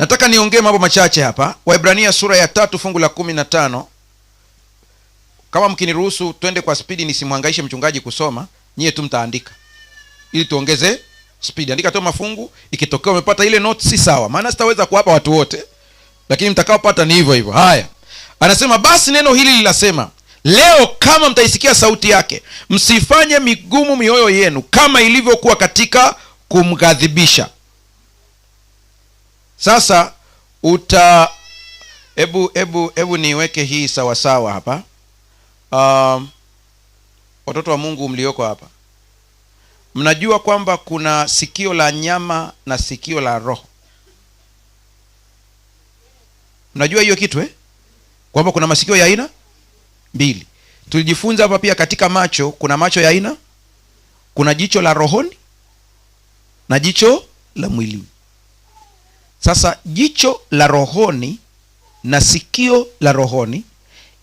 Nataka niongee mambo machache hapa. Waibrania sura ya tatu fungu la kumi na tano. Kama mkiniruhusu twende kwa spidi, nisimwangaishe mchungaji kusoma, nyiye tu mtaandika ili tuongeze spidi. Andika tu mafungu, ikitokea umepata ile note si sawa, maana sitaweza kuwapa watu wote, lakini mtakaopata ni hivyo hivyo. Haya, anasema basi neno hili linasema leo, kama mtaisikia sauti yake, msifanye migumu mioyo yenu, kama ilivyokuwa katika kumghadhibisha sasa uta hebu hebu hebu niweke hii sawasawa hapa um, watoto wa mungu mlioko hapa mnajua kwamba kuna sikio la nyama na sikio la roho mnajua hiyo kitu eh? kwamba kuna masikio ya aina mbili tulijifunza hapa pia katika macho kuna macho ya aina kuna jicho la rohoni na jicho la mwilini sasa jicho la rohoni na sikio la rohoni,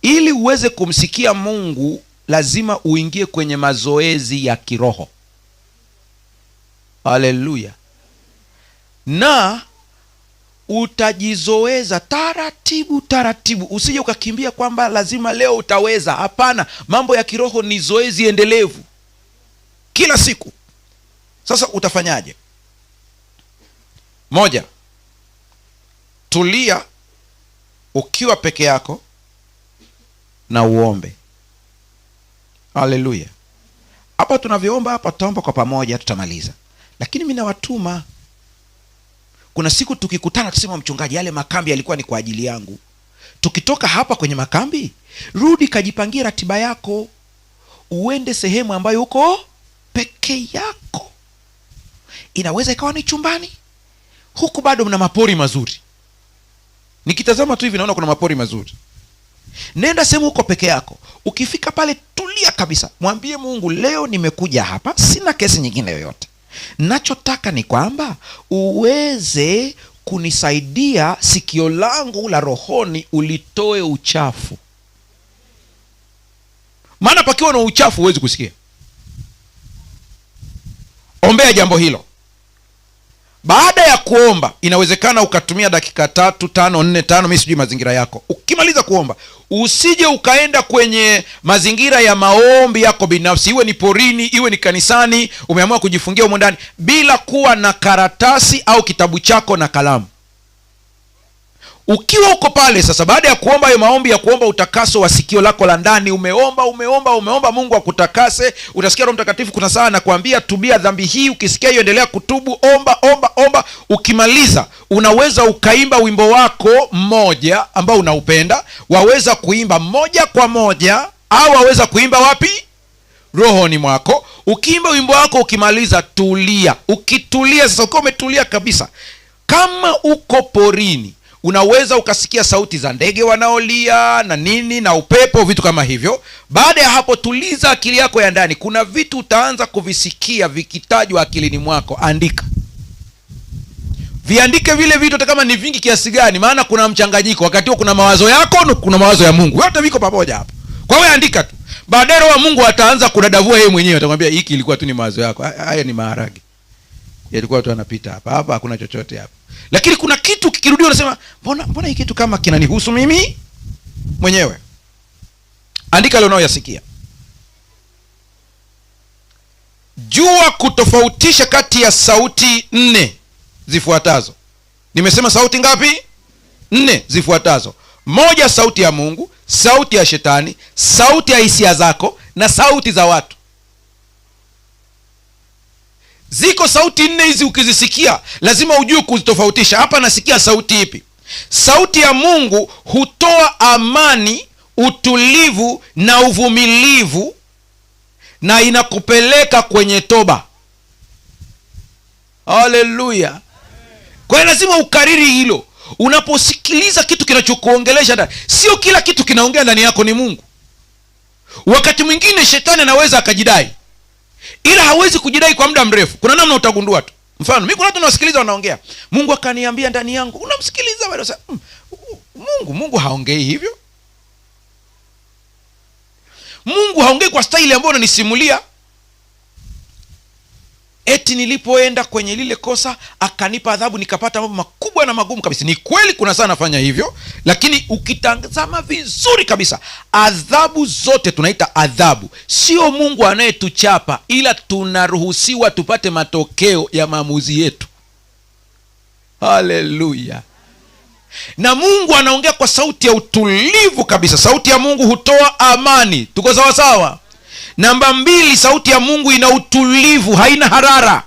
ili uweze kumsikia Mungu lazima uingie kwenye mazoezi ya kiroho. Haleluya! na utajizoeza taratibu taratibu, usije ukakimbia kwamba lazima leo utaweza. Hapana, mambo ya kiroho ni zoezi endelevu kila siku. Sasa utafanyaje? Moja, tulia ukiwa peke yako na uombe haleluya hapa tunavyoomba hapa tutaomba kwa pamoja tutamaliza lakini mi nawatuma kuna siku tukikutana tusema mchungaji yale makambi yalikuwa ni kwa ajili yangu tukitoka hapa kwenye makambi rudi kajipangia ratiba yako uende sehemu ambayo uko peke yako inaweza ikawa ni chumbani huku bado mna mapori mazuri nikitazama tu hivi naona kuna mapori mazuri nenda sehemu huko peke yako ukifika pale tulia kabisa mwambie mungu leo nimekuja hapa sina kesi nyingine yoyote nachotaka ni kwamba uweze kunisaidia sikio langu la rohoni ulitoe uchafu maana pakiwa na uchafu huwezi kusikia ombea jambo hilo baada ya kuomba inawezekana ukatumia dakika tatu tano nne tano mi sijui mazingira yako ukimaliza kuomba usije ukaenda kwenye mazingira ya maombi yako binafsi iwe ni porini iwe ni kanisani umeamua kujifungia humo ndani bila kuwa na karatasi au kitabu chako na kalamu ukiwa uko pale sasa, baada ya kuomba hayo maombi ya kuomba utakaso wa sikio lako la ndani, umeomba umeomba umeomba, Mungu akutakase. Utasikia Roho Mtakatifu kuna saa anakuambia tubia dhambi hii. Ukisikia hiyo, endelea kutubu, omba omba omba. Ukimaliza unaweza ukaimba wimbo wako mmoja ambao unaupenda, waweza kuimba moja kwa moja, au waweza kuimba wapi rohoni mwako. Ukiimba wimbo wako, ukimaliza tulia. Ukitulia sasa, ukiwa umetulia kabisa, kama uko porini unaweza ukasikia sauti za ndege wanaolia na nini na upepo, vitu kama hivyo. Baada ya hapo, tuliza akili yako ya ndani. Kuna vitu utaanza kuvisikia vikitajwa akilini mwako, andika viandike vile vitu, hata kama ni vingi kiasi gani, maana kuna mchanganyiko. Wakati huo kuna mawazo yako, kuna mawazo ya Mungu, yote viko pamoja hapo. Kwa hiyo andika tu, baadaye Roho wa Mungu ataanza kudadavua yeye mwenyewe, atakwambia hiki ilikuwa tu ni mawazo yako, haya ni maharage yalikuwa tu anapita hapa hapa, hakuna chochote hapa. Lakini kuna kitu kikirudia, unasema mbona, mbona hii kitu kama kinanihusu mimi mwenyewe. Andika leo unaoyasikia Jua kutofautisha kati ya sauti nne zifuatazo. Nimesema sauti ngapi? Nne zifuatazo. Moja, sauti ya Mungu, sauti ya shetani, sauti ya hisia zako na sauti za watu ziko sauti nne hizi ukizisikia lazima ujue kuzitofautisha hapa nasikia sauti ipi sauti ya mungu hutoa amani utulivu na uvumilivu na inakupeleka kwenye toba haleluya kwa hiyo lazima ukariri hilo unaposikiliza kitu kinachokuongelesha ndani sio kila kitu kinaongea ndani yako ni mungu wakati mwingine shetani anaweza akajidai ila hawezi kujidai kwa muda mrefu kuna namna utagundua tu mfano mi kuna watu nawasikiliza wanaongea mungu akaniambia ndani yangu unamsikiliza bado mm, mungu mungu haongei hivyo mungu haongei kwa staili ambayo unanisimulia eti nilipoenda kwenye lile kosa akanipa adhabu nikapata mambo makubwa na magumu kabisa ni kweli kuna saa nafanya hivyo lakini ukitazama vizuri kabisa adhabu zote tunaita adhabu sio mungu anayetuchapa ila tunaruhusiwa tupate matokeo ya maamuzi yetu haleluya na mungu anaongea kwa sauti ya utulivu kabisa sauti ya mungu hutoa amani tuko sawasawa sawa namba mbili sauti ya mungu ina utulivu haina harara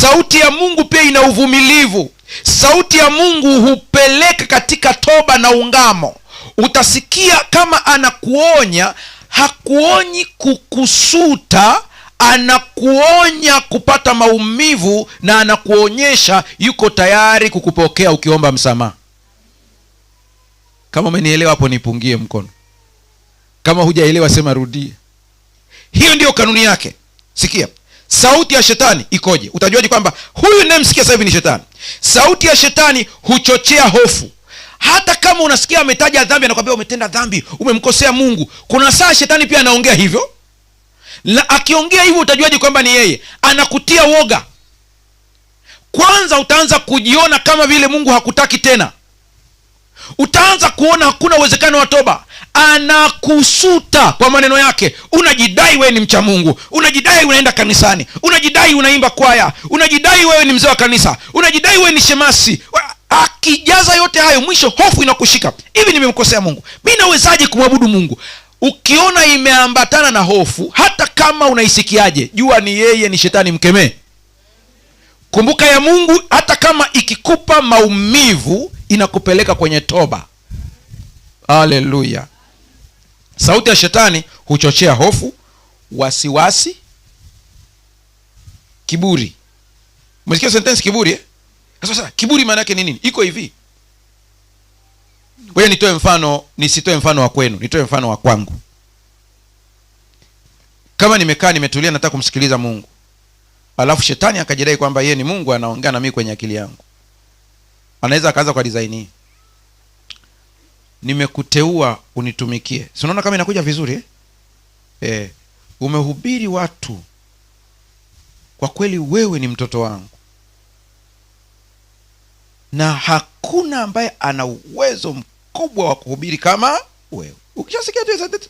sauti ya mungu pia ina uvumilivu sauti ya mungu hupeleka katika toba na ungamo utasikia kama anakuonya hakuonyi kukusuta anakuonya kupata maumivu na anakuonyesha yuko tayari kukupokea ukiomba msamaha kama umenielewa hapo nipungie mkono kama hujaelewa sema rudie hiyo ndiyo kanuni yake sikia sauti ya shetani ikoje utajuaji kwamba huyu nayemsikia sahivi hivi ni shetani sauti ya shetani huchochea hofu hata kama unasikia ametaja dhambi anakwambia umetenda dhambi umemkosea mungu kuna saa shetani pia anaongea hivyo na akiongea hivyo utajuaji kwamba ni yeye anakutia woga kwanza utaanza kujiona kama vile mungu hakutaki tena utaanza kuona hakuna uwezekano wa toba anakusuta kwa maneno yake unajidai wewe ni mcha mungu unajidai unaenda kanisani unajidai unaimba kwaya unajidai wewe ni mzee wa kanisa unajidai wewe ni shemasi akijaza yote hayo mwisho hofu inakushika hivi nimemkosea mungu mi nawezaje kumwabudu mungu ukiona imeambatana na hofu hata kama unaisikiaje jua ni yeye ni shetani mkemee kumbuka ya mungu hata kama ikikupa maumivu inakupeleka kwenye toba aleluya Sauti ya shetani huchochea hofu, wasiwasi, kiburi. Umesikia sentensi kiburi eh? Sasa kiburi maana yake ni nini? Iko hivi, wewe nitoe mfano, nisitoe mfano wa kwenu, nitoe mfano wa kwangu. Kama nimekaa nimetulia, nataka kumsikiliza Mungu, alafu shetani akajidai kwamba yeye ni Mungu, anaongea na mimi kwenye akili yangu, anaweza akaanza kwa design hii nimekuteua unitumikie si unaona kama inakuja vizuri eh? Eh, umehubiri watu kwa kweli wewe ni mtoto wangu na hakuna ambaye ana uwezo mkubwa wa kuhubiri kama wewe ukishasikia tu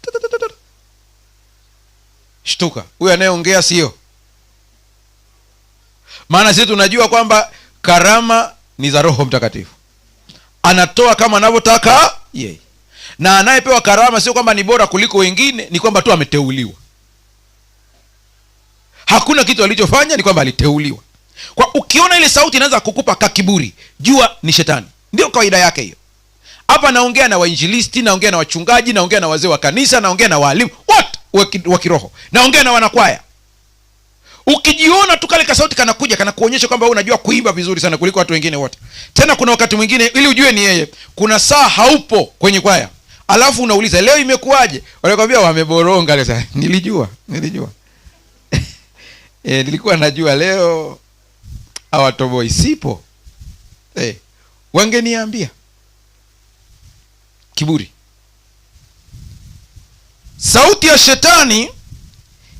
shtuka huyo anayeongea sio maana sisi tunajua kwamba karama ni za roho mtakatifu anatoa kama anavyotaka yeye na anayepewa karama sio kwamba ni bora kuliko wengine ni kwamba tu ameteuliwa hakuna kitu alichofanya ni kwamba aliteuliwa kwa ukiona ile sauti inaweza kukupa kakiburi jua ni shetani ndio kawaida yake hiyo hapa naongea na wainjilisti naongea na wachungaji naongea na wazee wa kanisa naongea na waalimu wote wa kiroho naongea na wanakwaya ukijiona tu kale kasauti kanakuja kanakuonyesha kwamba unajua kuimba vizuri sana kuliko watu wengine wote. Tena kuna wakati mwingine, ili ujue ni yeye, kuna saa haupo kwenye kwaya, alafu unauliza leo imekuwaje? Wanakwambia wameboronga leo. nilijua nilijua e, nilikuwa najua leo awatoboi sipo e, wangeniambia kiburi. Sauti ya shetani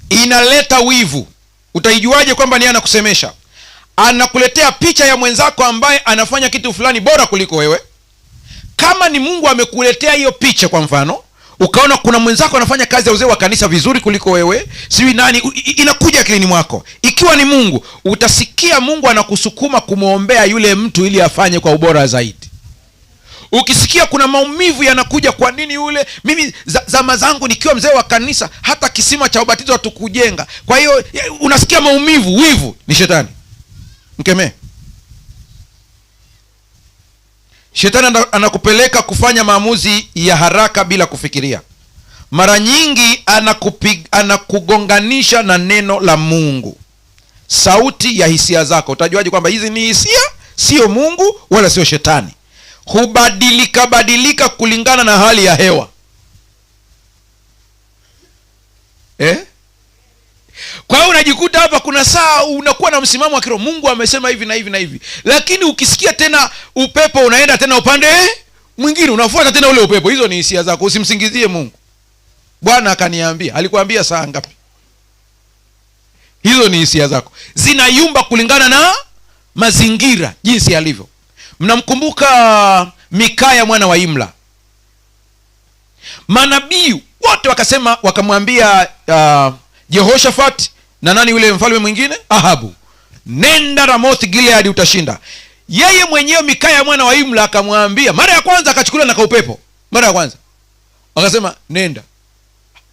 inaleta wivu utaijuaje kwamba ni anakusemesha anakuletea picha ya mwenzako ambaye anafanya kitu fulani bora kuliko wewe kama ni mungu amekuletea hiyo picha kwa mfano ukaona kuna mwenzako anafanya kazi ya uzee wa kanisa vizuri kuliko wewe siwi nani inakuja akilini mwako ikiwa ni mungu utasikia mungu anakusukuma kumwombea yule mtu ili afanye kwa ubora zaidi ukisikia kuna maumivu yanakuja kwa nini yule mimi zama zangu nikiwa mzee wa kanisa hata kisima cha ubatizo hatukujenga kwa hiyo eh, unasikia maumivu wivu ni shetani mkemee shetani anakupeleka kufanya maamuzi ya haraka bila kufikiria mara nyingi anakupig, anakugonganisha na neno la mungu sauti ya hisia zako utajuaji kwamba hizi ni hisia sio mungu wala sio shetani hubadilika badilika kulingana na hali ya hewa eh? kwa hiyo unajikuta hapa kuna saa unakuwa na msimamo wa mungu amesema hivi na hivi na hivi lakini ukisikia tena upepo unaenda tena upande mwingine unafuata tena ule upepo hizo ni hisia zako usimsingizie mungu bwana akaniambia alikuambia saa ngapi hizo ni hisia zako zinayumba kulingana na mazingira jinsi yalivyo mnamkumbuka mikaya mwana wa imla manabii wote wakasema wakamwambia uh, jehoshafat na nani yule mfalme mwingine ahabu nenda ramoth gilead utashinda yeye mwenyewe mikaya mwana wa imla akamwambia mara ya kwanza akachukuliwa na kaupepo mara ya kwanza akasema nenda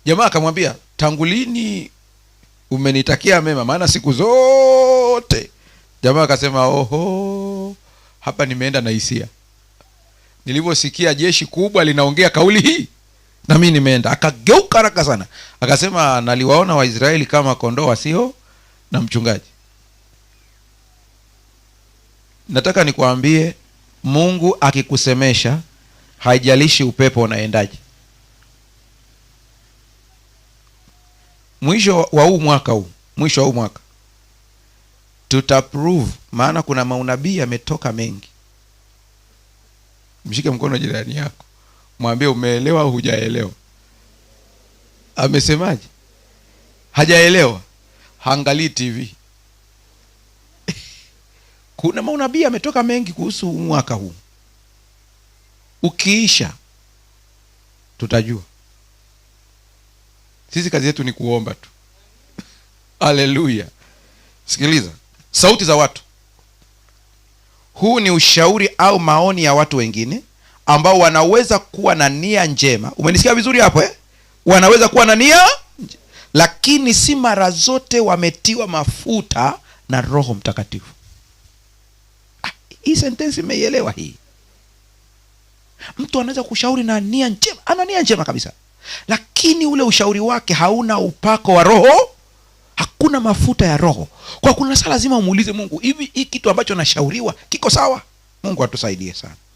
jamaa akamwambia tangulini umenitakia mema maana siku zote jamaa akasema oho hapa nimeenda na hisia. Nilivyosikia jeshi kubwa linaongea kauli hii, na mimi nimeenda. Akageuka haraka sana, akasema naliwaona Waisraeli kama kondoo wasio na mchungaji. Nataka nikuambie, Mungu akikusemesha, haijalishi upepo unaendaje. Mwisho wa huu mwaka huu, mwisho wa huu mwaka tutaprove, maana kuna maunabii yametoka mengi. Mshike mkono jirani yako, mwambie umeelewa au hujaelewa. Amesemaje? Hajaelewa, haangalii TV. Kuna maunabii yametoka mengi kuhusu mwaka huu, ukiisha tutajua. Sisi kazi yetu ni kuomba tu. Haleluya! Sikiliza sauti za watu. Huu ni ushauri au maoni ya watu wengine ambao wanaweza kuwa na nia njema. Umenisikia vizuri hapo eh? Wanaweza kuwa na nia lakini si mara zote wametiwa mafuta na Roho Mtakatifu. Ah, hii sentensi imeielewa hii. Mtu anaweza kushauri na nia njema, ana nia njema kabisa, lakini ule ushauri wake hauna upako wa Roho hakuna mafuta ya roho kwa kuna saa lazima umuulize mungu hivi hii kitu ambacho nashauriwa kiko sawa mungu atusaidie sana